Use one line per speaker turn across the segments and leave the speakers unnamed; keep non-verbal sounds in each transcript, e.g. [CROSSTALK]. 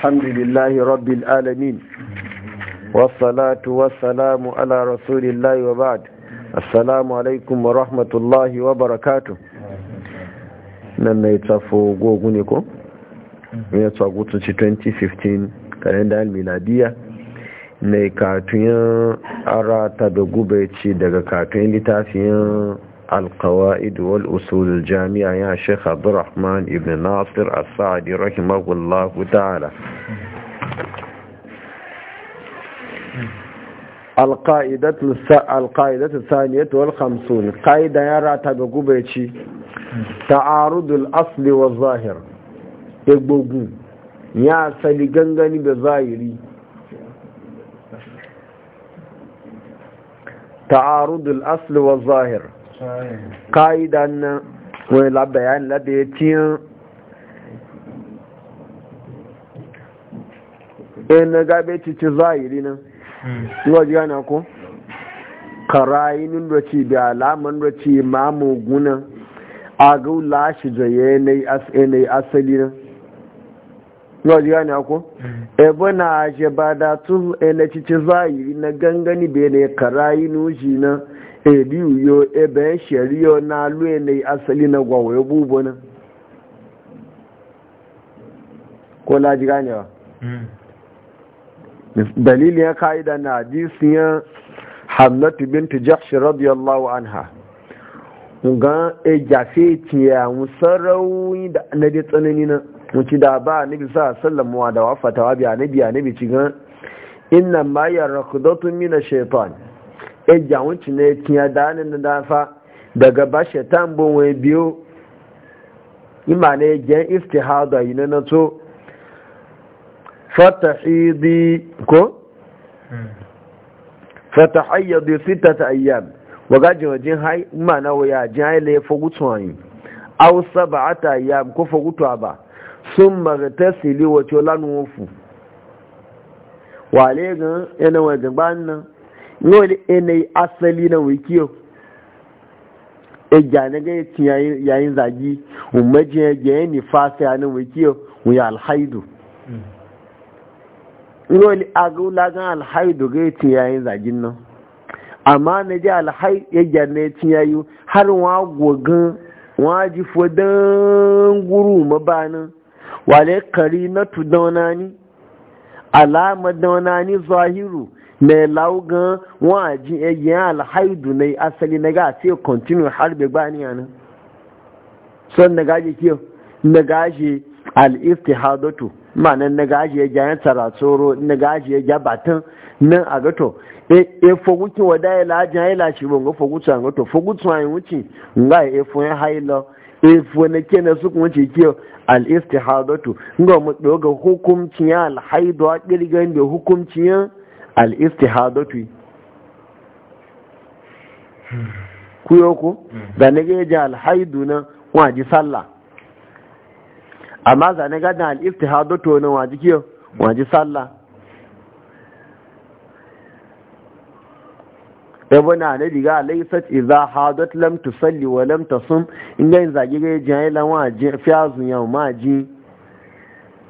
الحمد لله رب العالمين والصلاة والسلام على رسول الله وبعد السلام عليكم ne ko? ya tsago tunci miladiya na katuyin ara ta da ce daga katuyin littafin القواعد والأصول الجامعة يا شيخ عبد الرحمن ابن ناصر السعدي رحمه الله تعالى القاعدة القاعدة الثانية والخمسون قاعدة يرى تبقبتي تعارض الأصل والظاهر يقبقون يا سلقنغني بظاهري تعارض الأصل والظاهر ka'idan e nan wani labayani labaye ciyan in na gabe cikin zahiri nan yiwa ji gane ko karayinin raci da alaman raci mamu gunan a gaula shi da yanayi e asali nan yiwa ji gane ko ebe hmm. na ashe ba da tun e na cikin zahiri na gangani da yanayi karayinu shi nan yo ebe yo na alu ne asali na gwawo ya bubu na, ko laji ganewa hmm. dalilin ya ka'ida na ya hamlatu bintu jahsh radiyallahu anha ga e jafe tiya musarrawi da na da tsanani na wuce da ba nabi sa wa da wafatawa bi annabi annabi ci ga inna ma yarakudatu min ash-shaytan e jawon na ne tiya da na dafa daga ba shaitan bin wai biyo ima ne gen istihada yi na nato di ko fatahayyadu sittata ayyam wa gajin wajen hai ima na waya jin hai la ya fagutu hanyi aw sab'ata ayyam ko fagutu ba sun magtasili wato lanufu wale gan yana wajen ban nan wani yanayi asali na wikiyo e gyane ga yayin zagi umarji jiya gyaye ni fasa nan wikiyo wuya alhaidu wani agula alhaidu ga yi yayin zagin nan amma na ji alhaidu ya gyane ya yayu har wa gogan waji fodan guru mabanin wale kari na tudonani alamar donani zahiru Me laugan waji yayin alhaidu ne asali na ga sai continue har bai gbani yana son na gaji kiyo na gaji al-istihadatu ma'anan na gaji ya jayan tsoro na gaji ya jabatan nan a gato e, e foguki wada ya lajin haila shi ngo ga fogutu an gato fogutu an wuci, nga e fo ya hailo e fo na ke na su kuma ce ke al istihadatu nga mu doga hukumcin ya al haidu a kirgan da hukumcin al-istihadatu kuyo ko da ne ga ja al-haidu na waji sallah amma za ne ga al-istihadatu na waji kiyo waji sallah yabona ne diga laysat idza hadat lam tusalli wa lam tasum in ga zage ga jayi lan ji fiyazun yau maji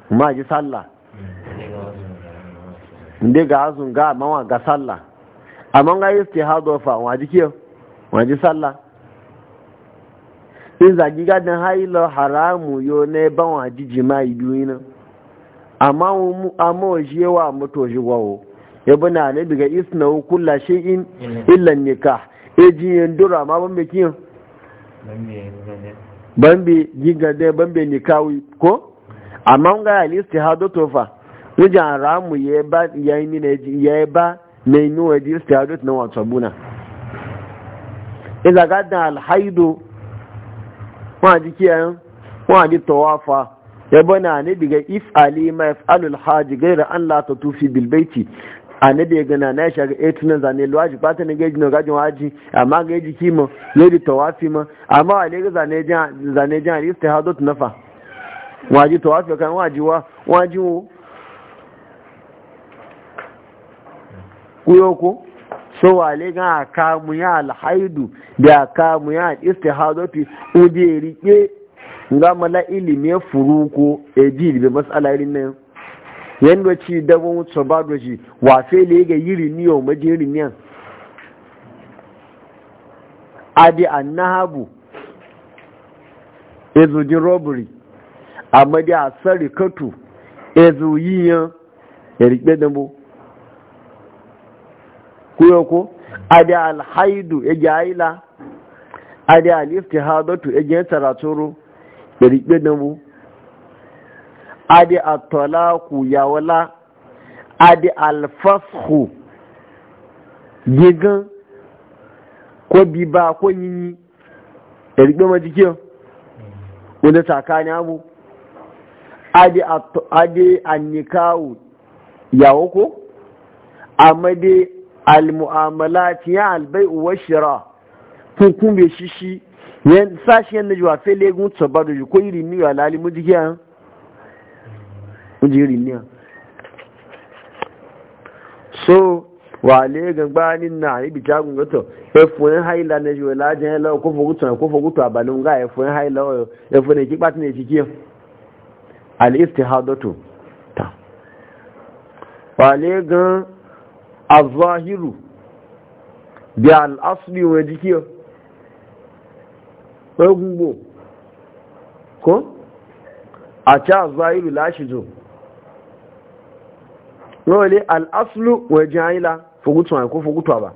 maji sallah inda ga hazun ga mawa ga sallah amma ga yi ke hazo fa waji kiyo waji sallah in zagi haramu yo ne ban waji jima'i biyu nan amma amma waje wa mutu waje wawo ebe na ne daga isna kulla shay'in illa nika eji yandura ma ban be kiyo ban giga da ban be ko amma ga alistihado to fa wajen haramu ya ba ya yi mina ya ba na yi nuna ji istiyadut na wata buna iza gadan alhaido wa ji kiyayen wa ji tawafa ya bana ne daga if ali ma yaf'alu alhaji gaira an la ta tufi bil baiti annabi ya gana na shaga eh tunan zane luwaji fata na gaji na gajin waji amma ga yaji kima yi tawafi ma amma wale ga zane jan zane jan hadis ta hadot nafa waji tawafi kan waji wa waji kuyoko so wale gan aka mu ya alhaidu da aka mu ya istihadati uje rike nga mala ilimi furuko ebi be masala irin nan yanda ci dabon wuce ba doji wa sai le ga yiri ni o maje yiri ni adi annahabu ezo di robbery amma di asari katu ezo yiyan ya rike dambo kuyo ko ade alhaidu ya e jahila ade aliftihadatu ya e jin taraturu da riɓe da mu ade atalaku ya wala ade alfasku gigan ko biba ko yinyi da riɓe ma jikin wanda tsakani abu ade annikawu yawo ko amma dai almu'amalat ya albai wa shira kun kun be shishi yan sashi yan najwa fe legun tabadu ko iri ni ya lali mujiya iri ni so wa le gangba ni na ibi jagun goto e fun haila ne jo la jen lo ko fogu tan ko fogu to abalun ga e fun haila e fun e ki pati ne ti ki al istihadatu ta wa le gan الظاهر بالأصل وجهه أغنبو كون أتا الظاهر لا شجو lọ́wọ́lé al'aslu wajen ayila fugutuwa ko fugutuwa ba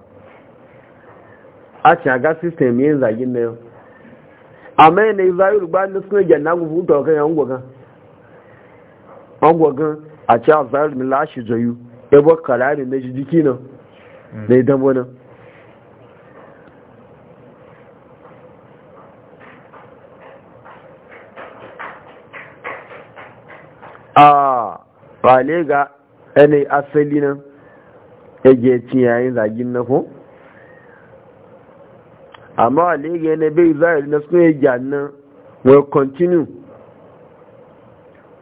a a ga sistemi yin zagin na yau amma yana yi zayi rugba da suna gyanna ku fugutuwa kan yawon gwagan a ce a zayi rugba lashi ebo kalarin na jijiki nan na mm. idan wani a wale ga yanayi asali nan yage cin yayin zagin na ku, amma wale ga yanayi bai zahiri na suna yage nan will continue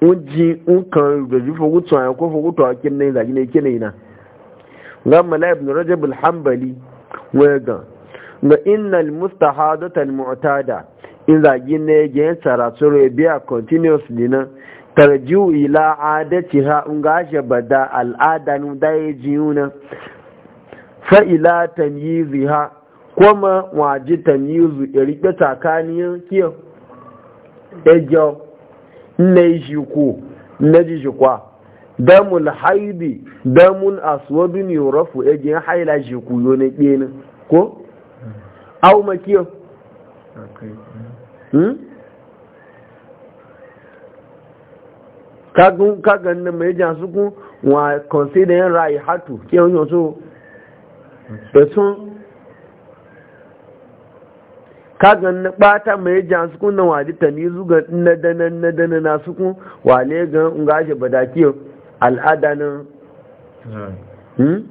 unji unkan da ji fogu tsaye ko fogu a ne zagi ne ina ga mala ibn rajab alhambali wega ga innal mustahadata al mu'tada in zagi ne ge tsara tsoro biya continuous dina tarjiu ila adatiha bada al'ada nu da yuna fa ila ha, kuma waji tamyizu irike tsakanin kiyo ejo na shi ko na ji shi kwa damul haidi damun aswadun yurafu ejin haila shi ku yo ne ɗena ko au makiyo kagun kagan na mai jan suku wa consider yin rai hatu ke yi yanzu da kaga na bata mai jan su kun na wadi ta ni zuga na dana na dana na su kun wale ga ngaje badaki al'ada nan hmm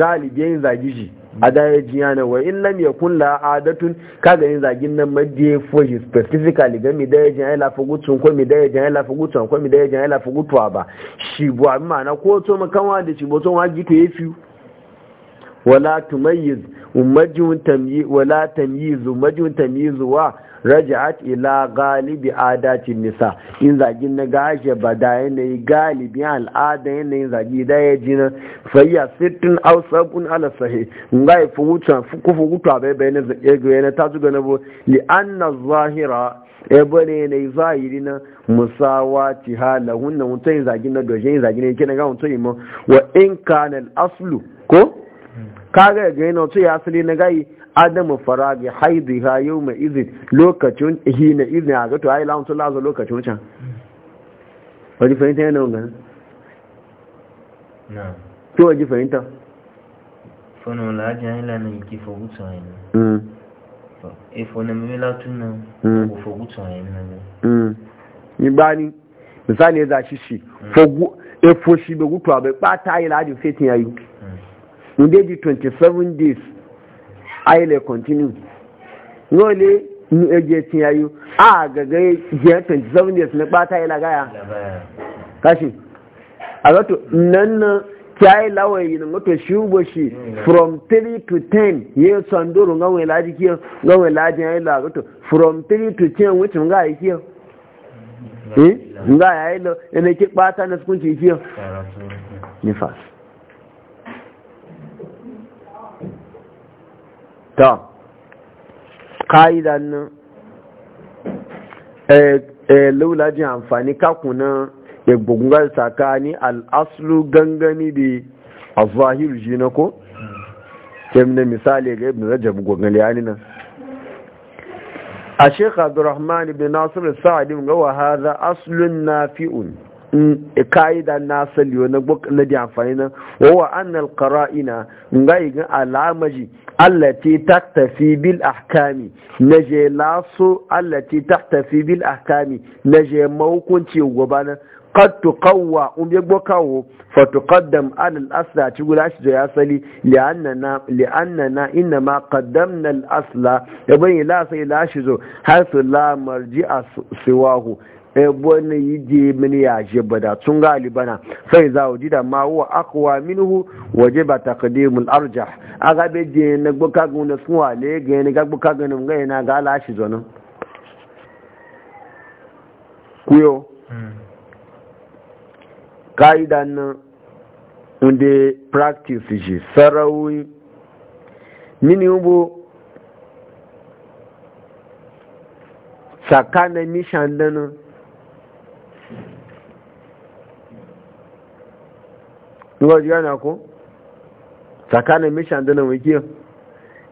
galibi yin zagi shi ada ya jiya na wa in lam yakun la adatun kaga yin zagin nan madde for his specifically ga mi da ya jiya fugu tun ko mi da ya jiya fugu tun ko mi da ya jiya fugu tuwa ba shi bu amma na ko to makawa da shi bo to wa ya yafi wala tumayyiz umajin tamyi wala tamyizu majin tamyizu wa raja'at ila galibi adatin nisa in zagin na gashe ba da yanayi galibi al'ada yanayin zagi da ya ji na fayya sittin aw sabun ala sahi nga yi fugutan kufu gutu abai bai na zage na ta zuga na bo li anna zahira ebe ne yanayi zahiri na musawa ti hala hunna mutum zagin na doshe zagin na yake na ga mutum yi ma wa in kana aslu ko kaga ga yana to ya asali na gai adamu faragi haidu ha yau mai izin lokacin hina izin a gato ayi lamun lazo lokacin can waje fahimta yana wani na to waje fahimta
fana lajin hanyar na yake fogutu hanyar mm. efo na mimila tun nan mm. fogutu hanyar nan
mm. ni bani misali ya zashi shi efo shi e, bai gutuwa bai ɓata yi lajin fetin yayi in dey di twenty seven days ayẹlẹ continue no le nu eje tiɲa yi a gẹgẹ twenty days ne kpata yi la kashi agato nanna kí ayé yi na moto shi bo shi, from three to ten ye sandoro ŋa wọn laaji kiyọ nga wọn la agato from three to ten wọn nga ayi kiyo kiyọ ŋa ayé lọ ẹnẹ kpata ne sukun ti nifas. ta ƙa'idan nan eh, eh, laula jin amfani kakunan ya bugungar tsakani al'aslu gangani da a zahiru shi na ko kemne misali ga ibn rajab gongali yani nan a shekha rahman ibn nasir sa'adin gawa haza hadha na fi'un. ka'ida na asali na da amfani na wawa annal qara'ina ga igin alamaji allati tafi bil ahkami na je laso allati tafi bil ahkami na je mahukunci gobana qad tuqawwa um bi gbokawo fa tuqaddam ala al asla ci guda shi ya asali li na ina ma qaddamna al asla ya la sai la shi zo haythu ji a siwahu ebon yi je mini ya je bada tun ga libana sai za wuji da ma huwa aqwa minhu wajiba taqdimul arjah aga be je na gboka gun da sun wale ga ni ga gun ga ina ga la shi zono kuyo hmm. kaidan unde practice ji sarawi mini ubo tsakanin mishan danin ngo jiga na ko tsakanin mishan da wiki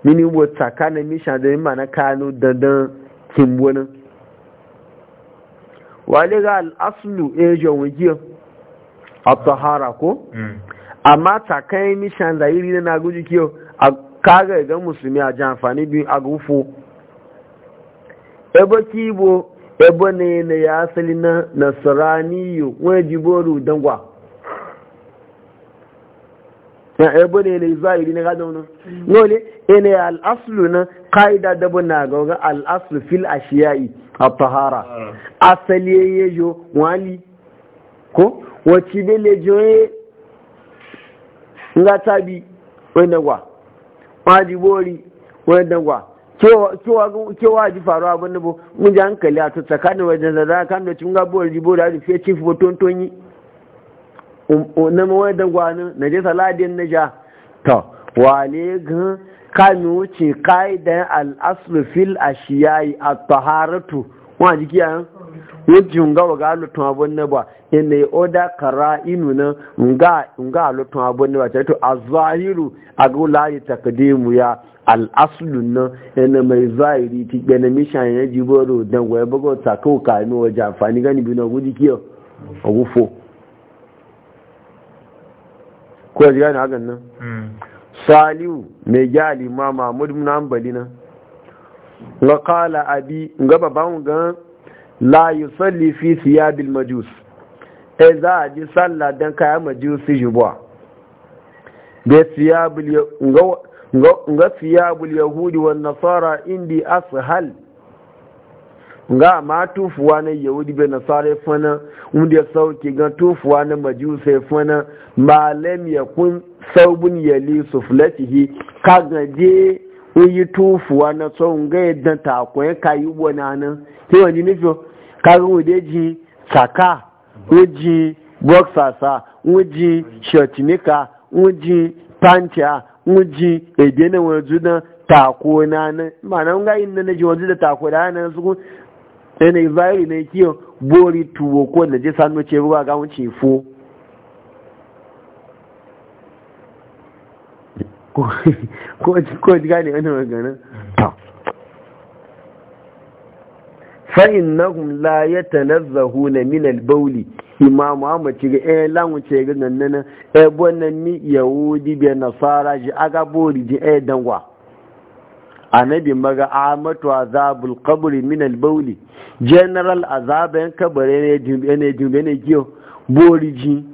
mini wo tsakanin mishan da ma na kanu dandan kimbonin wale ga al'aslu ejon wiki a tahara ko hmm. amma tsakanin mishan iri na guji kiyo a kaga ga musulmi a ji amfani bi a gufo ebe kibo ebe ne na ya asali na nasaraniyo wani jiboru gwa na ebo ne ne zahiri ne gado wani nole ene aslu na qaida da bana ga al aslu fil ashiyai a tahara ah. asali ye yo wali ko wacce da lejo ya nga tabi wani dangwa wani bori wani dangwa kewa ji faru abin da bo mun ji hankali a tutsa kan wajen da za a kan da cin gabuwar jibo da fiye cin foton tonyi Um, um, na mawai da gwanin na je saladin na ja ta wale gan kanu ce ka'idan al'aslu fil shiyayi a taharatu wani jiki yan wujin ga ga lutun abun na ba inda ya oda kara inu na nga lutun abun na ba ta to a zahiru a ga layi takadimu ya al'aslu na yana mai zahiri ti gbana mishan ya jibo don gwaya bugo ta kawo kanu wajen amfani gani biyu na gudu kiyo a gufo ko ya gane hakan nan mm. saliu mai gyali ma mahmud na ambali nan ga kala abi ga baban gan la salli fi siyabil majus e za a ji sallah don kaya majusi jibwa da siyabil ga siyabul yahudi wan nasara indi ashal nga ma tufuwa na yahudi bai nasara fana wanda ya sauke ga tufuwa na majusa fana malam ya kun saubun yali suflatihi ka gaje uyi tufuwa na tsohon ga yadda takwai ka yi wana nan ke wani nufi ka ga wude ji saka wuji boksasa wuji shotinika wuji pancia wuji edena wajudan tako na nan ma'ana nga yin na ji wajudan tako da nan su yanayi zahiri na kiyo bori tuwo ko da je sanu ce ruwa ga wuce fo ko ji gane wani magana fa'in na [LAUGHS] la ya tanazzahu na minal bauli imamu amma ci ga eh lamu ce ga nan nan eh bonan ni yahudi bi nasara ji aga bori ji eh dangwa annabi maga amatu azabul qabri min al bawli general azaban kabare ne dumbe ne dumbe ne giyo boriji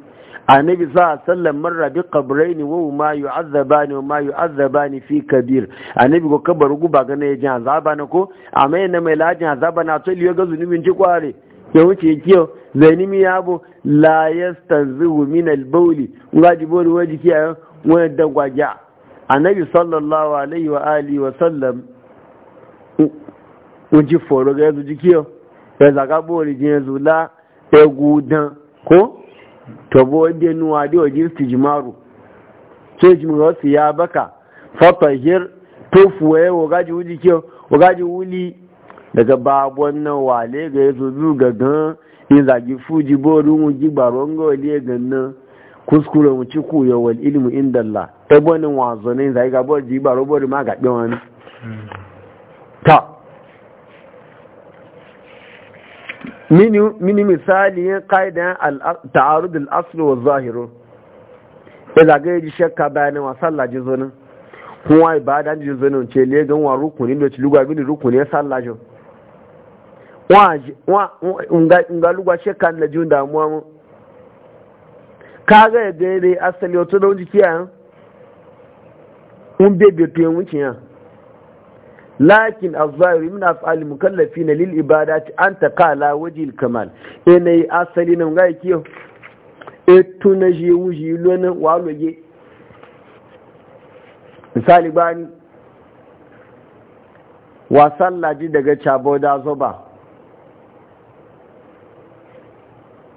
annabi sa sallam marra bi qabrayn wa ma yu'azzabani wa ma yu'azzabani fi kabir annabi ko kabar guba ga ne jin azaba na ko amma yana mai lajin azaba na to liyo ga zunubin ji kware ya wuce kiyo zainimi yabo la yastanzu min al bawli ngaji bori waji kiyaye wani dagwaja annabi sallallahu alaihi wa alihi wa sallam uji foro ga yanzu jikiyo ya zaga bori jin yanzu la egudan ko to bo de nuwa de oji istijmaru so ji mu wasu ya baka fatahir tofuwe wo gaji wuli kiyo wo wuli daga babon nan wale ga yanzu zu gagan in zagi fuji borin wuji gbaron ga wale gannan kuskure mu ci kuyo wal ilmu inda Allah e bonin wazo ne zai ga borji ba robori ma gaɓe wani ta mini misali yin ƙa'idan ta'arud al-asli wa zahiru ya zagaye ji shakka bayanin wa sallah ji zonin kuma ibada ji zonin ce le gan wa rukuni da ci lugwa bin rukuni ya sallah ji wa nga lugwa shakka na ji damuwa mu kaga ya ga da asali wato da jiki a un bebe to yan wucin ya lakin muna min af'al na lil ibadati an ta taqala wajil kamal ene asali nan ga kiyo etu na je wuji lonin waloge misali bani wasan laji daga cabo da zoba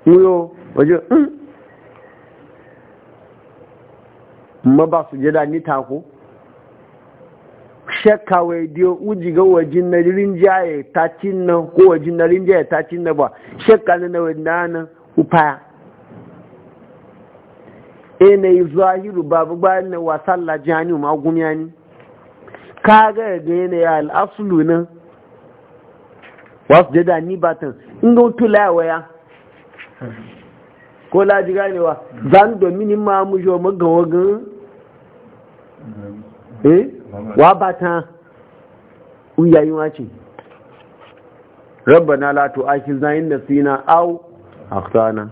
wuyo waje hmm. ma ba su jada ni tako shekka wai diyo uji ga wajin na rinjaye ta na ko wajin na rinjaye ta na ba shekka na na wani na upaya e na yi zahiru babu bayan na wasan lajani ma gumiya ni ka ga ga yana ya al'asulu na wasu jada ni batan inda ga wutu ya? Hmm. ko ne wa hmm. zan domin ma mu jo magawa gan Eh? wa ba ta uyayi wace rabbana la zayin da sina au akhtana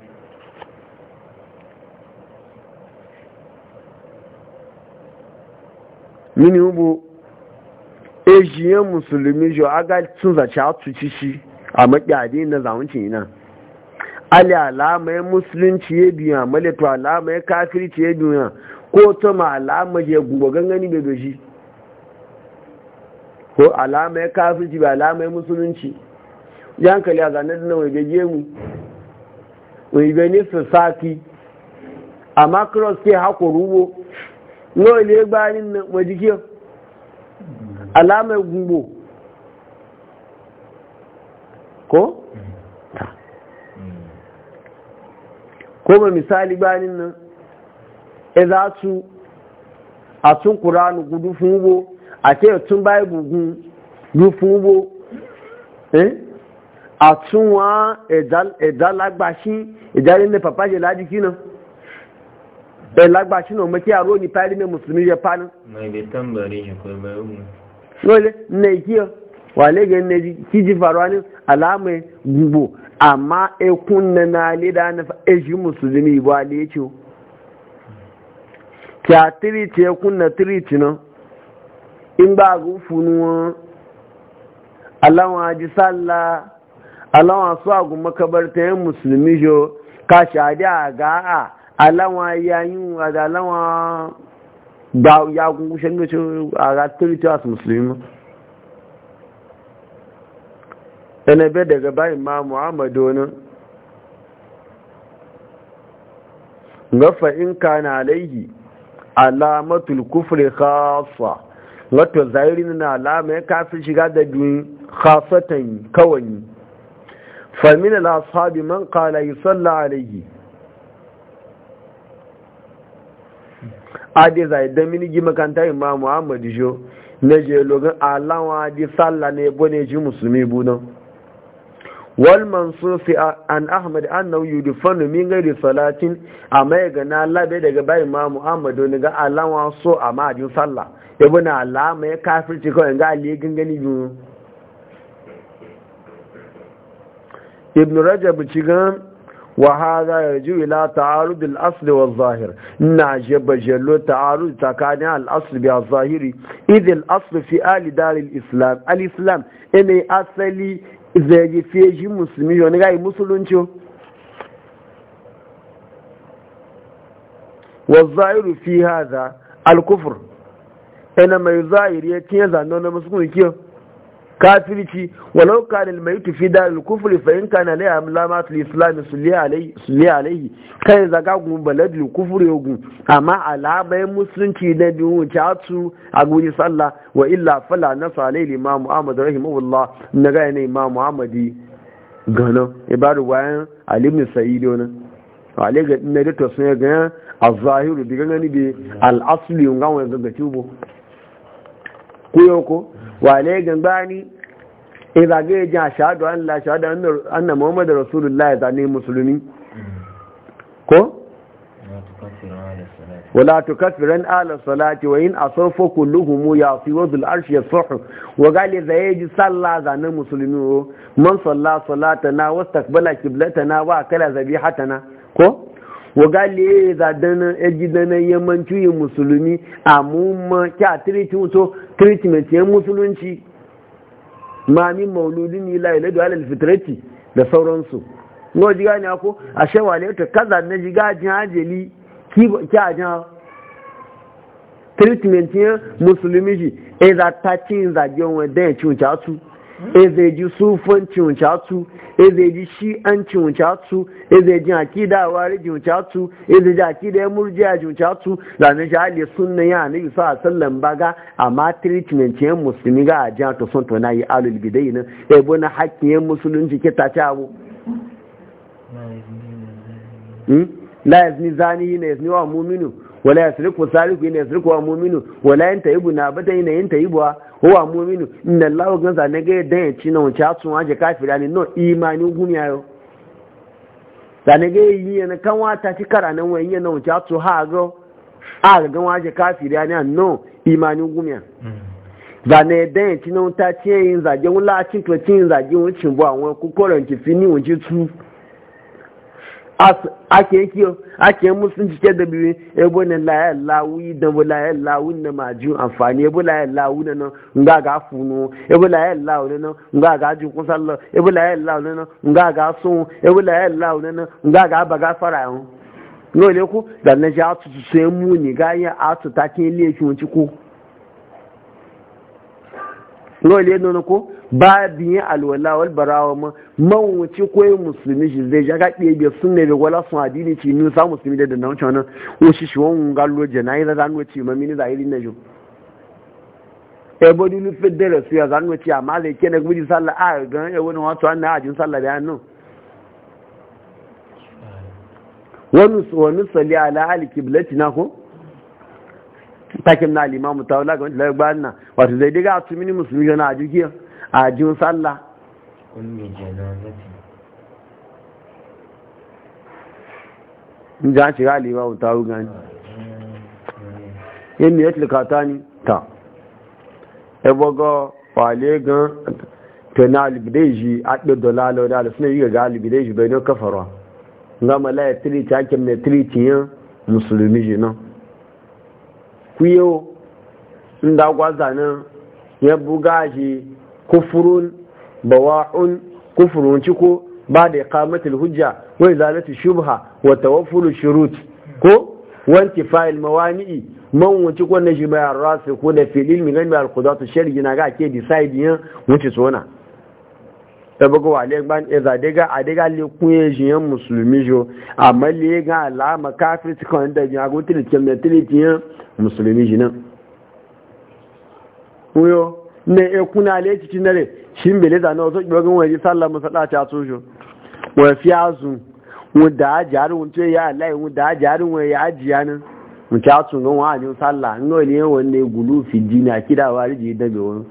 mini hubu ejiyan musulmi jo aga sun zace atuci shi a maƙyade na zamuncin ina ali alamai musulunci ya biya malatu alamai kafirci ya biya ko ta ma alama ya guba gangani bai doshi ko alama ya kafirci ba alama ya musulunci ya hankali a zanen nan wai gaje mu wai gani su saki amma cross ke haku rubo nawa ne gbanin na majikiyar alama ya gubo ko? Mm. ko ba misali gbanin nan e za su a tun kuranu gudu funbo a ce tun baibu gudu funbo eh? a tun wa ìdálagbaṣí ìdárí ní pàpá jẹ láti kí náà e ìlágbaṣí náà mọ́ kí àrò ní párí ní musulmi yẹ pa náà lóòlẹ́ ní ìkí faruwa ní aláàmù gbogbo àmá ẹkún nana alẹ́dá na ẹjì musulmi ìbò o. kya tiriti ya kunna tiriti na. in ba gufunu wọn alawa ji sallah alawa su agu makabarta yan musulmi jo ka shadi a ga'a alawa yayin a da alawa da ya gungushen da ce a ga tiriti wasu musulmi ma yana bai daga bayan ma muhammadu wani gafa in ka na alaihi alamatul kufri khasa wato zahiri na alama ya kasu shiga da biyun khasatan kawai famin al-ashabi man qala yusalla alayhi ade zai da mini makanta imam Muhammadu jo na je logan alawa di ne bone ji musulmi bunan والمنصور في عن أحمد أنه يدفن من غير صلاة أما يغنى الله بيدك باي ما محمد ونغا الله وانصو أما جن صلى يبنى الله ما يكافر تكو ينغا ليغن غني جن ابن رجب تكو وهذا يجو إلى تعارض الأصل والظاهر نعجب جلو تعارض تكاني الأصل بالظاهر إذ الأصل في آل دار الإسلام الإسلام إني أصلي zai fiye shi musulmi wani ga yi musulunci wa zahiru fi haza alkufur ina mai zahiri ya kiyar zanen na musulunci kafirci walau kana mai tufi da al-kufr fa in kana la amlamat al-islam sulli alayhi sulli alayhi kai zaga gun balad al-kufr yogun amma alabai musulunci na biyu chatu a guri sallah wa illa fala nasu alayhi imam muhammad rahimahullah gaya ne imam muhammadi gano ibaru wayan alimin sa'ido na wale ga ne da to sun gaya a zahiru diga ngani bi al-asli ngawa ga yau ko. wale gangani in zagaye jin a shahadu an la shahadu anna muhammadu rasulullah ya zane musulmi ko? wala tukasirin alasalati wa yin asofo kulluhumu ya fi arshi ya wa gali zaye yaji salla zane musulmi o man salla salatana wasu takbala kiblatana wa kala zabi hatana ko? wagale za dana ya ji dana yamanci yi musulmi a mumma kya tiritin so treatment yan musulunci ma min mauludin ila ila da alal fitrati da sauransu no ji gani ako a shawale ta kaza na ji gajin hajeli ki kya jan treatment yan musulmi ji e za ta cin za jon wa dan cin ta ezeji sufanci wuce atsu ezeji shi'anci wuce atsu ezeji akida a wariji wuce atsu ezeji akida ya murjiya ji wuce atsu da na sunna ya na yusa a sallan baga amma treatment yan musulmi ga ajiya to sun na yi alul bidai nan ebo na e hakkin yan musulunci ke ta ci abu hmm? la yazni zani yi na yazni wa muminu wala yasriku sariku yi na yasriku wa muminu wala yanta yibu na bata yi na yanta yibuwa huwa mu'minu inna Allah gan za ne ga dan ya na wuce atun waje kafira ne no imani gumiya yo za ne ga yi ne kan wata ci kara e nan wai yana wuce atu ha go a ga gan waje kafira no imani gumiya za ne dan na wuta ci yin zage wula cin to e cin zage wucin bo àwọn kokoron ki fini wuce tu ake yake ake musun cike da biyu ebo ne layar e lawuyi da bu layar e lawun na majiyun amfani ebo layar e lawu na nan nga ga funu ebo layar lawu na nan nga ga jin kusan lo ebo layar lawu na nan nga ga sun ebo layar lawu na nan nga ga baga fara yun. N'ole ku da na ji atu tutu emu ni ga yin atu ta kin ile ki wunci ku. no yadda wani ko ba biyan alwala wal barawa ma man wuce ko musulmi shi zai ja ga biyar sun ne wala sun adini ci nun sa musulmi da da nan wannan o shi shi won gallo janai da zan ci ma mini zahiri na jo e bodi lu federe su ya zan ci amma le ke na gudi sallah a ga ya wani wato an na ajin sallah da nan wani wani ala ala na ko takin na limamu ta wula ga wani lafi bayan nan wato zai diga a tumini musulmi yana a jikiya a jin sallah in an shiga limamu ta wula gani eh, eh, eh. yin ya tilkata ni ta ebogo wale gan tana albideji a ɗi dolalo da alasuna yi ga albideji bai ne kafarwa gama laye tilici hakim ne tilici yin musulmi jinan kuyo inda gwaza ya buga shi kufurun bawa'un kufurun ciko ba da iqamatul hujja wa izalatu shubha wa tawaffulu shurut ko wanti fa'il mawani'i man wuce ko shi bayan rasu ko da filil ilmi gani al-qudatu shar'i na ga ke decide yin wuce tsona sabago wa legban eza dega adega le kunye jiyan musulmi jo amma le ga alama kafir ti kan da jiyan agun tili tiyan tili tiyan musulmi jinan uyo ne e kuna le cikin dare shin bele da no so gbogin wani sallah musalla ta jo wa fi azu mu da jaru mun to ya Allah mu da jaru mu ya ajiya nan mu ta tun gon wa sallah ngo ne wanne gulu fi dina kidawa riji dabe wani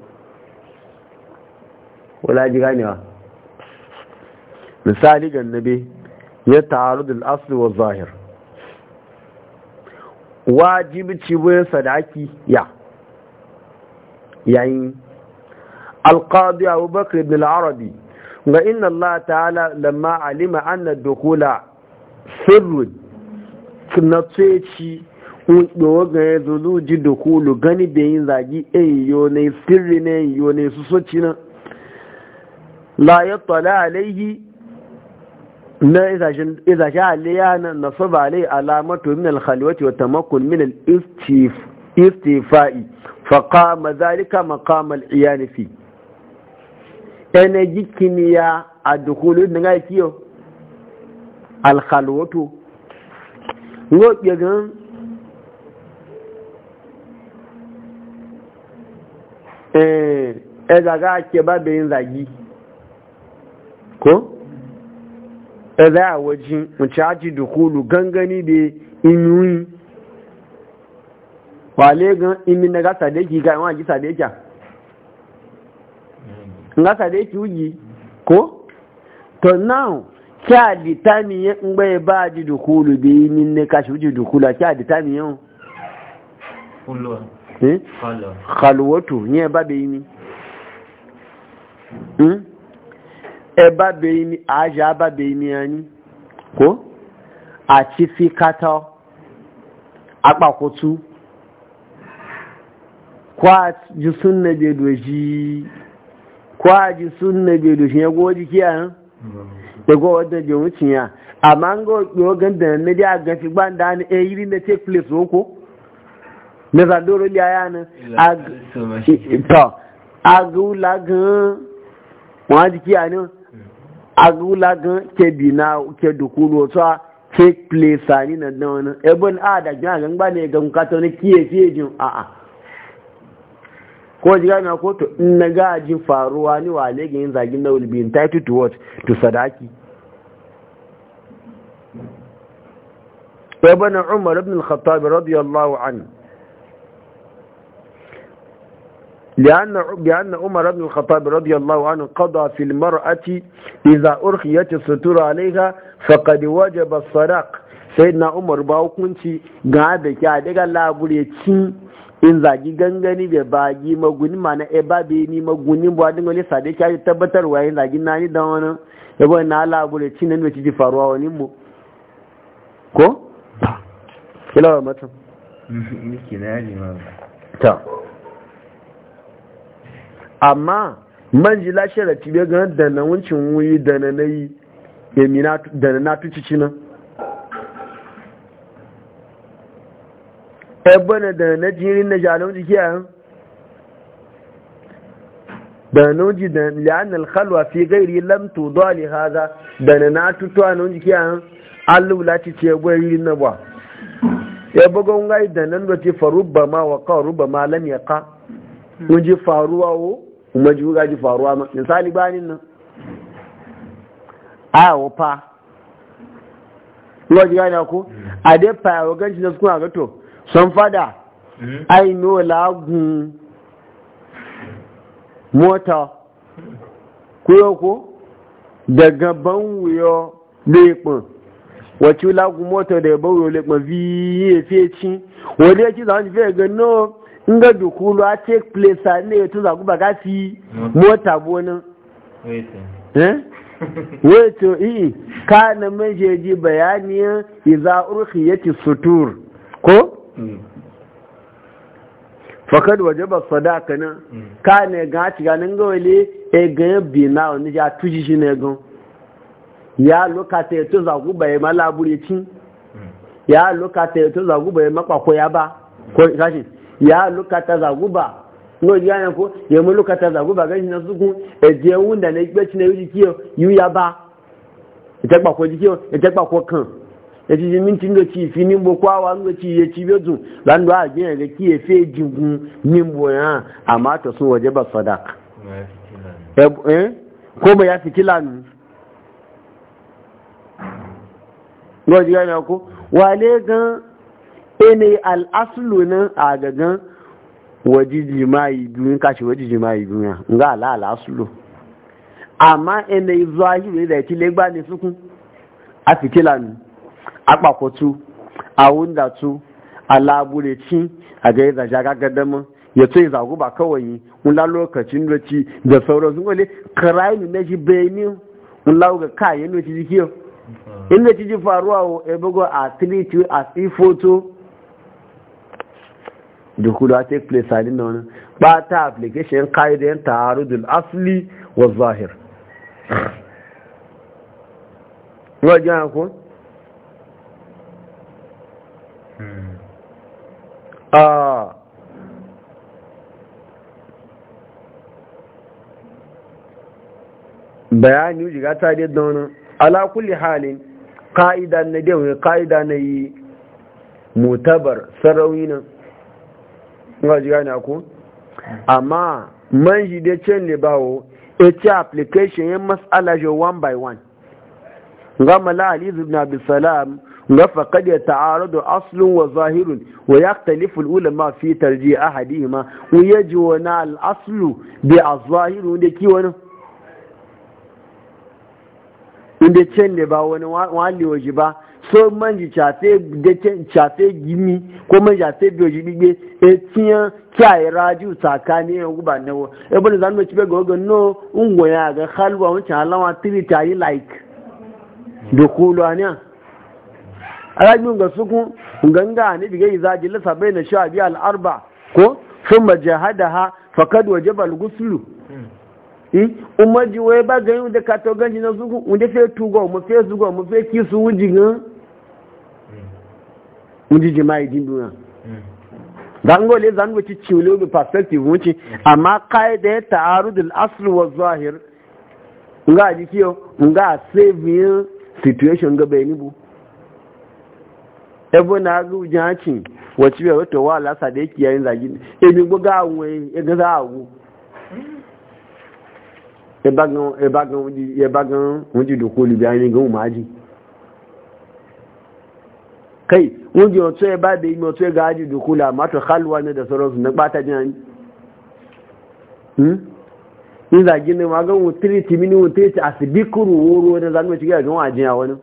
wala ji ganewa misali ga nabi ya taru da asli wa zahir wajibi cibiyar sadaki ya yayin alƙadu abubakar ibn al-arabi ga inna Allah ta'ala lamma alima anna dukula sirrun na tsoci ɗowa ga ya zulu ji dukulu gani da yin zagi ɗayiyo eh, ne sirri ne ne su nan la ya tsala alaihi na iza shi aliya na nasu ba alai alamatu min alhaliwati wa tamakkun min al-istifa'i fa qama zalika maqam al-iyan fi ene dukulu da dinga kiyo alkhalwatu ngo yegan eh e daga ke babe yin zagi ko za a waje mace haji da kulu gangani da inuyi wale gan imi na gasa da yake gaiwa gisa da yake gasa da yake wuji ko to now kya di tami ya ngbe ba di da kulu da imi ne kashi wuji da kulu kya di tami yau ni ne ba da imi hmm? ẹba bẹ̀yí ni àájá àbá bẹ̀yí ni a kó àti fi kátà apàkótú kó àjí súnnà gbèdò jí kó e àjí súnnà gbèdò jí ẹgbẹ́ ojú kí àrùn ẹgbẹ́ ọdún jẹun tì yàn àmà ń gọ́ pé ogun dẹ̀rẹ̀ méjì àgbẹ̀fì gbáǹdà ní èyí rí ní take place oko mẹ́ta dóró lé ayá ni agúlá gan wọ́n á di kí agula gan ke bina ke dukulo so take place ani na dan wani ebon a ah, da gan gan ba ne gan ka to ne kiye fiye jin a ah, a ah. ko ji gana ko to in na ga ji faruwa ni wa lege yin zagin da will be entitled to what to sadaki ebon umar ibn al-khattab radiyallahu anhu لأن بأن عمر بن الخطاب رضي الله عنه قضى في المرأة إذا أرخيت الستور عليها فقد وجب الصداق سيدنا عمر باو كنتي غابة كادة لابوري in zagi gangani bai bagi maguni ma na e ba bai ni maguni ba dinga ne sade kya tabbatarwa yin zagi na ni dan wani ya bai na labure cin nan ci faruwa wani mu ko kila wa mutum ta amma man ji lashe da tibe ga da na wuncin wuyi da na nayi emina da na natu cici nan ebana da na jiri na jalon jiki a yan da na wuji da li'an alkhalwa fi gairi lam tu haza da na natu tuwa na wuji a yan allula ci ce gwai na ba ya bugon gai da nan da ce faru ba ma wa kawo ruba ma lamya ka wuji faruwa wo kuma ji ga ji faruwa ma misali banin nan a wofa yau ji gane ko a dai fayawa ganci na suna gato sun fada hmm. aino lagun mota kuyo ko daga ban wuyo lepin wacce lagun mota da ya ban wuyo lepin fiye fiye cin wani ya ci zaune fiye ga no nga dukulu a take place a ne to zagu ba ga fi mota bonin wato i ka na majeji bayaniya iza ci sutur ko mm. fakad da sadaka na mm. ka na ga ci ganin nan ga wale e ga bi na oni tuji shi ne gan ya lokata to zagu bai malaburi mm. ya lokata to zagu bai makwako ya ba ko kashi ya lukata zaguba no yana ko ya mu lukata zaguba ga shi na suku e je wunda na igbe ci na yuji kiyo yu ya ba ita gba ko ji kiyo ita gba ko kan e ji ji minti ndo ci fi nimbo kwa wa ndo ci ye ci bezu dan do a je ga ki e fe jingun nimbo ya amma to sun waje ba sadaka eh ko ba ya fitila nu no ji yana ko wale gan ene al'aslu nan a gagan waji jima'i duniya kashi waji jima'i duniya nga ala al'aslu amma ene zahiri da ti legba ne sukun a fitila ni a kpakotu a wundatu a labureci a ga yadda ja gagadama ya yi zagu ba kawai wula lokacin lokaci da sauran sun wale karayi na shi bayani wula ga kayan lokaci jikiyo inda mm-hmm. ci ji faruwa ebe ebogo a 3 a 3 photo dukulu take place a da wani ba ta application ƙa'idayen ta'arudul asli wa zahir wajen ko? a ah. bayani yi ga ta da wani ala kulli halin ka'ida na dewa ka'ida na yi mutabar sarauni nan nga ji gane ku amma man ji da cin libawo ita application yin mas'ala jo one by one nga mala ali ibn abi salam nga faqad yata'aradu aslun wa zahirun wa al ulama fi tarji ahadihima wa yajwana al aslu bi az-zahiru da ki wani inda cin libawo wani wali wajiba so manji chafe dece gimi ko manji chafe doji gbigbe etiyan ki a yi e raju tsakani yan e guba na wo ebe da zanuwa cibe no ngwa ya ga halwa wancan alawa tiri ta yi like da kulu a niya alagbin ga sukun ganga ne diga yi bai na sha al'arba ko sun majahada ha fakad waje balguslu umarji ba ga na sukun fe fe fe wunji jima'i din duniya hmm. zango le zango ci ciwle wani perspective wuce hmm. amma qaida ya ta'aru da asl wa zahir nga jikiyo nga save situation ga bai bu Ebe na agu jaci wacce bai wata wa lasa da yake yayin zagi e mi gboga awon ya e ga za awu gu ya bagan wuji e bagan wuji dokoli bi ga umaji kai wunji otu ya e ba da yi otu ya e ga aji dukula mato halwa ne da sauransu na bata jin hanyi in zagi ne ma hmm? gan wutiri timini wutiri a su bi kuru wuru wani zagi mai cikin ajiyar ajiya wani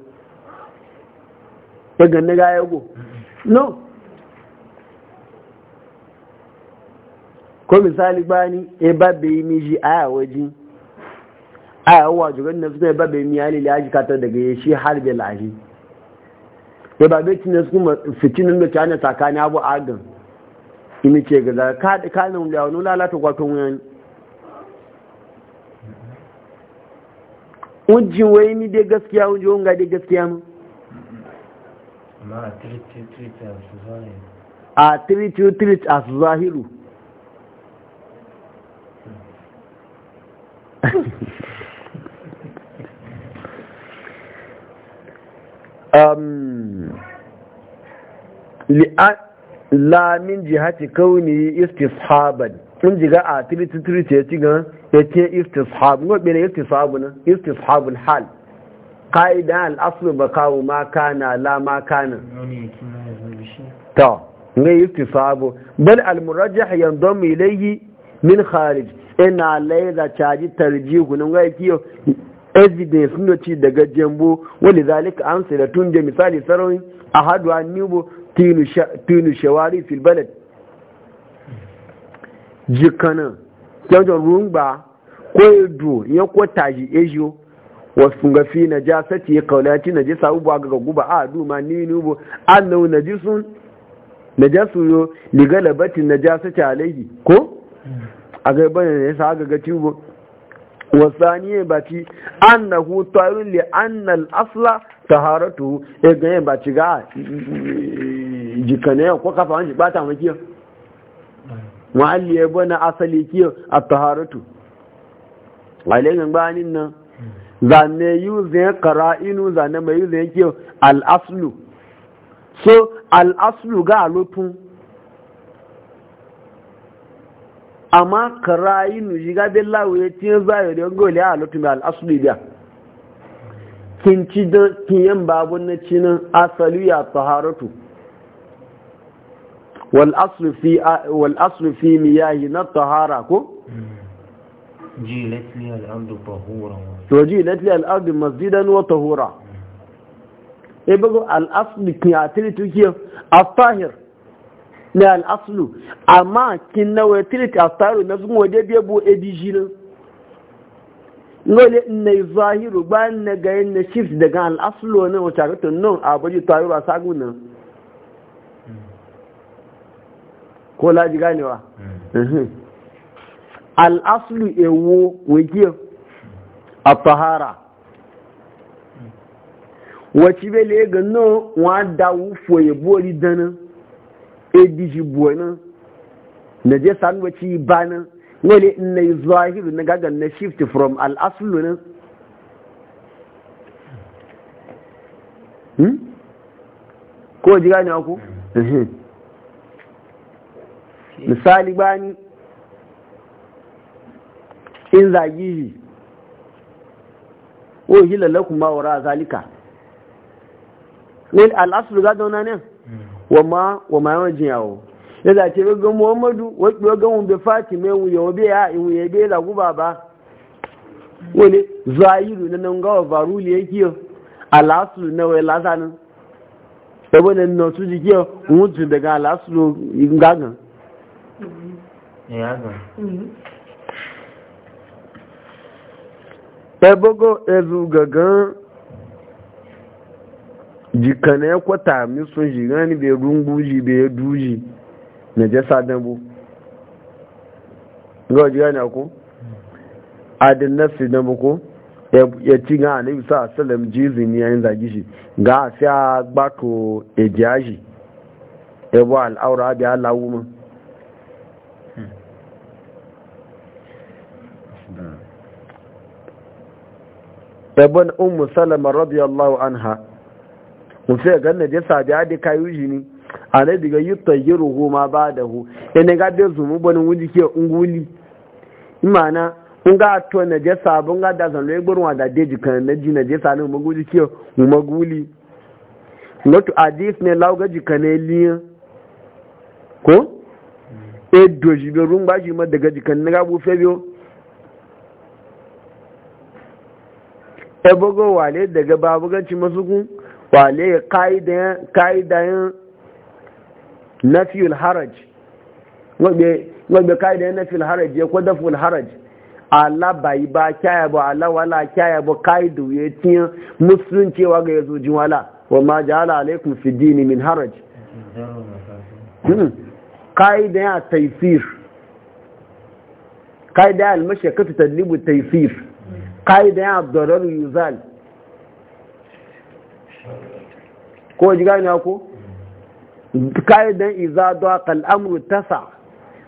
ya gan e ga yago no ko misali bani e ba da yi miji a yawa ji a yawa jirgin na suna ya ba da yi miyali da ya katar daga ya shi harbe lahi sai ba bai cinye su fitinin da cana tsakani abu agan imi ce ga za kaɗi da kanin wani lalata kwaton wuyan ujin wai ni dai gaskiya ujin wunga dai gaskiya mu a tiritu a su zahiru [LAUGHS] um la min jihati kauni istishaban kun jiga a tiritiri ce ya ci gan ya ce istishab ngo ne istishabu na hal qaida al ba kawo ma kana la ma kana to ngai istishabu bal al murajjah yandamu ilayhi min kharij ina da caji tarji tarjihu ngai kiyo evidence no ci daga jembo wani zalika an sai da je misali sarawin a haduwa nibo tinu shawari fil balad jikana ruwan rungba ko edo ya ko taji ejo wasu ga fi na ja sati ya kaulaci na jisa ubu ga ga guba a duma ni ni ubu an nau na jisun na jasu yo ligalabatin na ja sati alaihi ko a gaba ne ya sa gaga tubu wasaniye ba ci an na yi li an na asla taharatu ya ganye ba ci ga jikane ko kafa wani bata mu kiyo muhalli ya bana asali kiyo at-taharatu alayhin banin nan zane yuze qara'inu zane mai yuze kiyo al-aslu so al-aslu ga lutun amma qara'inu jiga billahi ya tiyo zayo da gole a lutun al-aslu biya kin da kiyan babun na cinan asali ya taharatu wal aslu fi wal aslu fi na tahara ko
jilatli al ardu tahura
to jilatli al ardu masjidan wa tahura e bago al aslu kiyatri tukiyo at-tahir ne amma kin nawa tilit at-tahir na zun waje bebo edijin ngole ne zahiru bayan na ga yin shift daga al aslu ne wata to non abuji tayyura saguna ko laji ganewa mm. al'aslu ewo wikiyar a fahara wacce bele ga nan wa dawo foye bori danin ediji buwanin na je sanwaci banin ba na yi zahiru na gagan na shift from al'aslu na? Hmm? ko ji ganewa ku? Mm. misali bani in zagi o yi lalakun ma'aura a zalika ne al'asulu ga zauna ne wa ma yawan yawo ya ce ga muhammadu wa ga wun bai fati mai wuya wa bai ya in wuya bai lagu ba ba wani zahiru na nan gawa baruli ya kiyo al'asulu na wai lasanin ebe na nan su jikiyo mutu daga al'asulu gagan ebogo ezu gagan jikana ya mm-hmm. e e e kwata misun shi gani bai runguji bai duji na jasa dambu ga ji gani ako adin nafsi dambu ko ya ci ga anabi sa asalam jizin yayin zagi shi ga a fi a gbato ejiyashi ebo al'aura bi alawuma ɗabon ummu salama radiyallahu anha mu sai ganin na jesa da da kayu jini ale yi ruhu ma hu ene ga da zumu bani wuji ke unguli imana in ga to na je bun ga da zan legburu da deji kan na ji na je ne mu guji ke mu maguli a hadis ne lauga jikane liyan ko e doji be rumba ji ma daga jikan na ga bu febio ebogo wale daga babuganci masu kun wale ka'idayen fiul haraj wadda ka'idayen fiul haraj ya kwada fiul haraj ala bai ba kyaya ba ala wala kyaya ba ka'idu ya tiya cewa ga ya zo wala wa ma ala alaikum fi dini min haraj hmm. ka'idayen a taifir ka'idayen almashi ya kasu talibu taifir ƙa'idan abdurrar yuzal ko ji gani ko ƙa'idan iza daƙa al'amuru tasa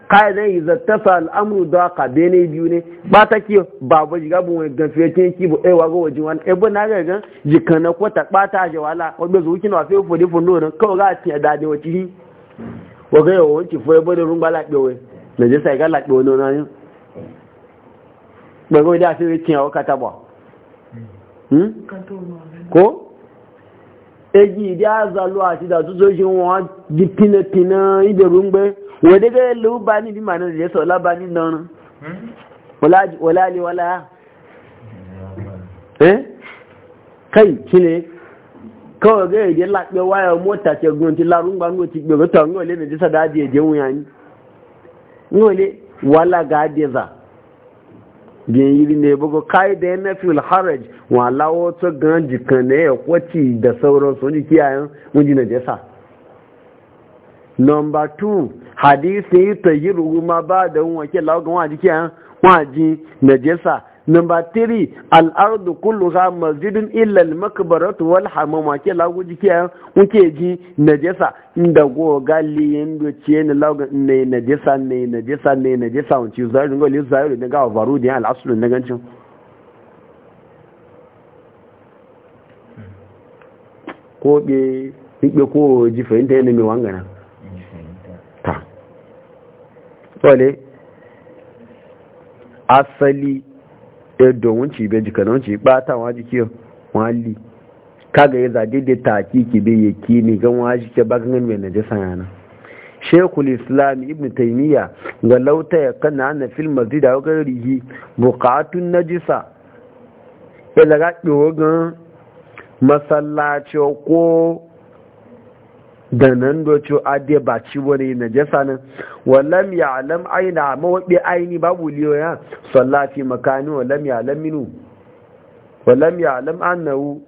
ƙa'idan iza tasa al'amuru daƙa bene biyu ne ba ta ke babu ji gabu wani gafiye ta yanki bu ɗaya wago wajen wani ebe na gaga gan jika na kwata ɓata a jawala wadda zuwa kina wafe fode fundo wani kawai ga a tiya dade wa cikin wa ga yawon ci fo ebe da rumba laɓewa na je sai ga laɓewa na wani gbogbo ilé àṣírí tí àwọn katabọ̀ hmm? kó èjì ìdí àzàlú àti ìdàtútò ṣe wọ́n di pínapína ìbẹ̀rù ń gbé wẹ̀dẹ́gẹ́ ló bá níbi màánà lè sọ lábá nínú wọláàlíwọlá kai kí ni kawai ga èdè lápẹ́ wáyà mọ́ta ṣẹ̀gùn ti lárúgbà ń ti tọ̀ ń biyan yiri ne bugu kaida ya nafi haraj wa lawo wato gan jikan ne ya kwaci da sauran su ji kiyayen wunji na jesa number 2 hadisi ta yi ruhu ma ba da wun wake lawo gan wa ji kiyayen ji na jesa Number three, al'ardu kullu ha masjidin illal makabaratu wal hamama ke lagu jiki a muke ji najasa inda goga liyan dociye na lagu ne najasa ne najasa ne najasa wanci zairu ngoli zairu na gawa faru da yan al'asulun na gancin. Ko be ikpe ko ji fahimta yana mai wangana. Ta. Wale, asali edo wunci be jika na wunci bata wa jiki wali kaga ya zade da takiki be yaki ne gan wa jike ba gan mai najasa yana shekul islam ibn taymiya ga lauta ya kana na fil masjid da garihi buqatun najisa ya e daga dogon masallaci ko da nan doco ade ba ci wani na jasa nan wallam ya alam aina mawaɓe aini babu ya? sallafi makani wallam ya alam minu wallam ya alam annahu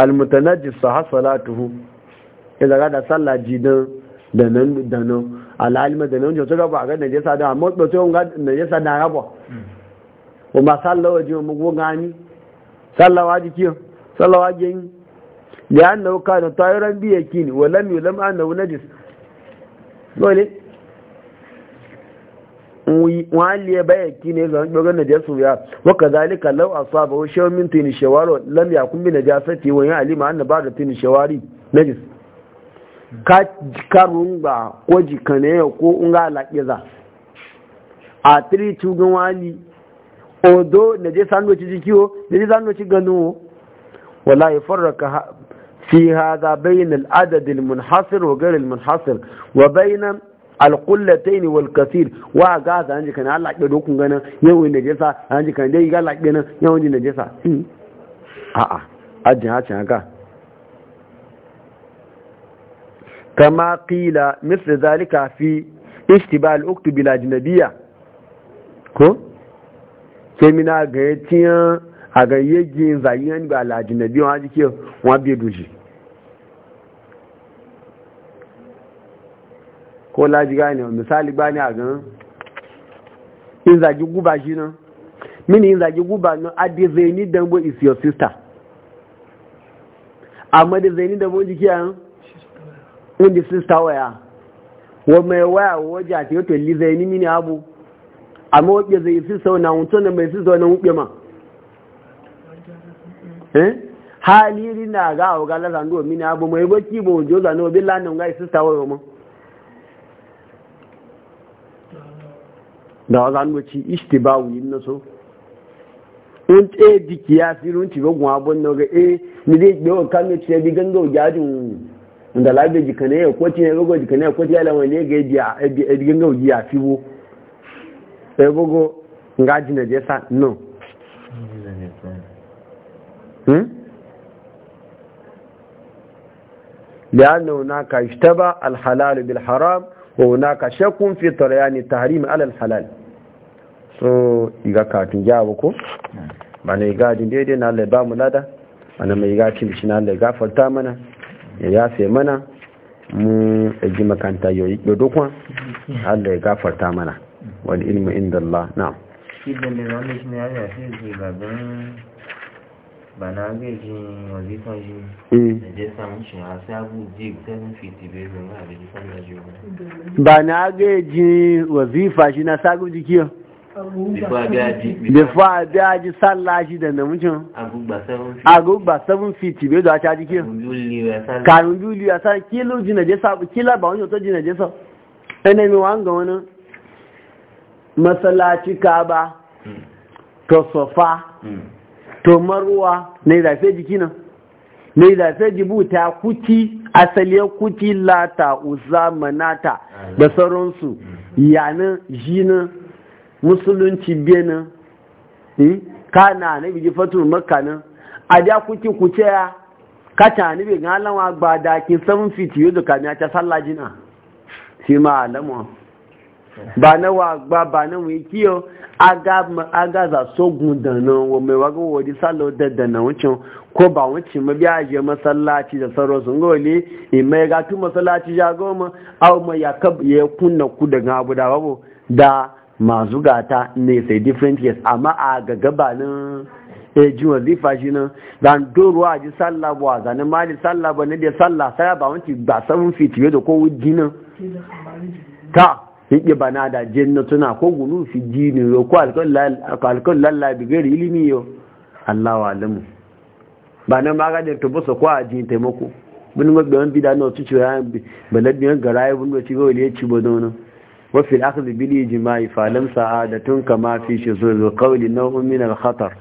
su saha salatuhu idan ga da sallaji jidan da nan da nan alalima da nan joto ga ba ga na jasa da amma doco ga na jasa na rabu Wa ma sallawa ji mugu gani sallawa ji sallawa ji ka li'annahu kana tayiran bi yakin wa lam yulam annahu najis dole wali ya baya kine ga dogon najasu ya wa kadhalika law asaba shaw min tin shawar lam yakun bi najasati wa ya alima anna ba'da tin shawari najis ka karun ba ko jikane ko unga laƙiza a tiri tugun wani. odo na je no ci jikiwo najasa no ci ganu wallahi farraka في هذا بين العدد المنحصر وغير المنحصر وبين alƙullatai walkasir wa gasa hanji kan Allah ke dokun ganin yawon najasa hanji kan dai ga laƙe nan yawon ji najasa a'a ajin hacin haka kama qila misli zalika fi ishtibal uktu bil ajnabiyya ko ke mina ga yatin a ga yajin zayin ba al ajnabiyya wa jike wa bi duji ko laji gane misali bani a gan in zagi guba shi nan mini in zagi guba nan a da zaini dambo is your sister amma da zaini dambo jiki yan in the sister waya wa mai waya waje a tiyo to li zaini mini abu amma wajen zai sista wani wuto na mai sista wani wuɓe ma eh? haliri na ga a waga lasan mini abu mai baki bo wajen zanen wa bi lanin ga sista waya ma da e wa zanu e, ci istibawu yin naso in ce diki ya sirun ci gogun abun na ga eh ni dai gbe kan ce bi ganga jajin da labe jikane ya kwaci ci gwagwa jikane ya e kwaci ya ala ne ga biya a ganga uji ya ji na jesa no لأنه هناك اشتبه الحلال بالحرام hunaka shakkun fi taryani tahrim alal halal so iga katun jawo ko bana iga din daidai na Allah ba mu lada bana mai iga cin shi na Allah gafarta mana ya yafe mana mu ji makanta yoyi dokon [LAUGHS] Allah ya gafarta mana wal ilmu inda Allah na'am
shi da ne wani shi ne ya yafe shi babban Bana na agajin wazifan shi da je samun shi a sabu ji
ganin fiti bai zama a wazifan da jiwa ba na agajin eh. na sabu ji kiyo bifo abia ji sallah shi da namucin agugba 7 feet bai da ta ji kiyo karun juli a sa kilo jinaje sabu kila ba wani oto jinaje sa ɗanemi wanga wani masalaci ka ba hmm. to to maruwa ne zafe jiki nan ne zafe ta kuti asali kuti lata uza manata da sauransu mm. yanin jinin musulunci benin kana hmm? na biji fatu makanin a da kuki kuce ya kata ni bi ga lawa ba da kin san da kamiya ta sallah jina shi ma alamu ba na wa gba ba na wani kiyo aga za sogun dana wa mai waga wadi salo da dana wucin ko ba wucin ma biya je masallaci da sauran sun ga wale imai ga tu masallaci ya goma au ma ya kab ya kunna ku da abu da babu da masu gata ne sai different years amma a ga gabanin eji wazifa shi nan dan doruwa ji sallah ba zane mali sallah ba ne da sallah sai ba wanci ba samun fitiyo da ko wujina ta yake bana da jannatuna ko gulu fi jini yo ko alkon lalla bi gari ilimi yo Allah wa alamu ba na maga da to bosa ko ajin taimako bin ga da bida na tuci ya balad ne ga rayu bin ci gole ya ci bodono wa fil ma bil ijma'i fa lam sa'adatun kama fi shuzul qawli kawai min al khatar